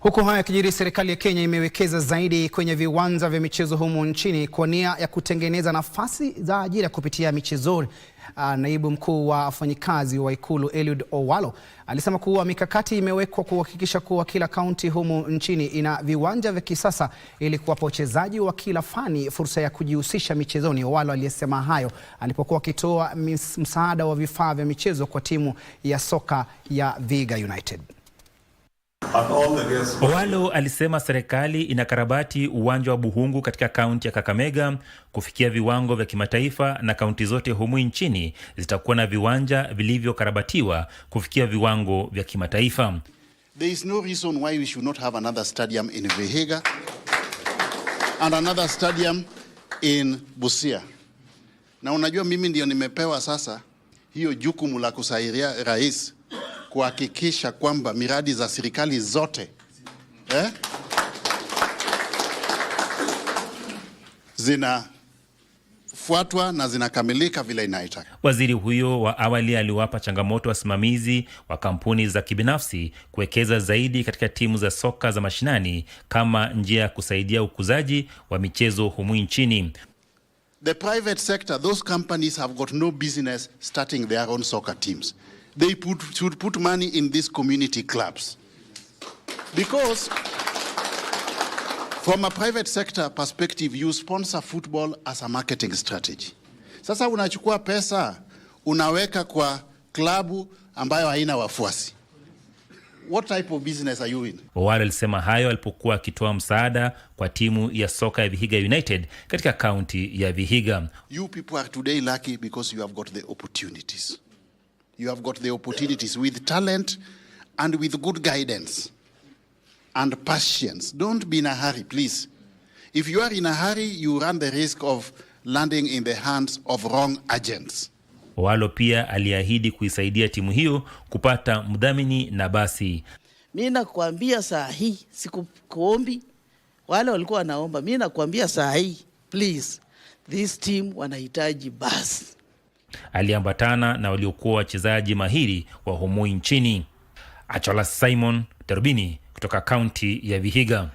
Huku haya yakijiri, serikali ya Kenya imewekeza zaidi kwenye viwanja vya michezo humu nchini kwa nia ya kutengeneza nafasi za ajira kupitia michezoni. Ah, naibu mkuu wa wafanyikazi wa Ikulu Eliud Owalo alisema kuwa mikakati imewekwa kuhakikisha kuwa kila kaunti humu nchini ina viwanja vya kisasa ili kuwapa wachezaji wa kila fani fursa ya kujihusisha michezoni. Owalo aliyesema hayo alipokuwa akitoa msaada wa vifaa vya michezo kwa timu ya soka ya Vihiga United. Owalo alisema serikali inakarabati uwanja wa Buhungu katika kaunti ya Kakamega kufikia viwango vya kimataifa na kaunti zote humu nchini zitakuwa na viwanja vilivyokarabatiwa kufikia viwango vya kimataifa. There is no reason why we should not have another stadium in Vihiga and another stadium in Busia. Na unajua mimi ndio nimepewa sasa hiyo jukumu la kusairia rais kuhakikisha kwamba miradi za serikali zote eh, zinafuatwa na zinakamilika vile inaitaka. Waziri huyo wa awali aliwapa changamoto wasimamizi wa kampuni za kibinafsi kuwekeza zaidi katika timu za soka za mashinani kama njia ya kusaidia ukuzaji wa michezo humu nchini. The private sector, those companies have got no business starting their own soccer teams they put, should put money in these community clubs. Because from a private sector perspective, you sponsor football as a marketing strategy. Sasa unachukua pesa unaweka kwa klabu ambayo haina wafuasi. What type of business are you in? Owari alisema hayo alipokuwa akitoa msaada kwa timu ya soka ya Vihiga United katika kaunti ya Vihiga. You people are today lucky because you have got the opportunities you have got the opportunities with talent and with good guidance and patience. Don't be in a hurry, please. If you are in a hurry, you run the risk of landing in the hands of wrong agents. Walo pia aliahidi kuisaidia timu hiyo kupata mdhamini na basi. Mi nakwambia saa hii sikukuombi, wale walikuwa wanaomba. Mi nakwambia saa hii, please, this team wanahitaji basi Aliambatana na waliokuwa wachezaji mahiri wa humui nchini. Achola Simon, darubini kutoka kaunti ya Vihiga.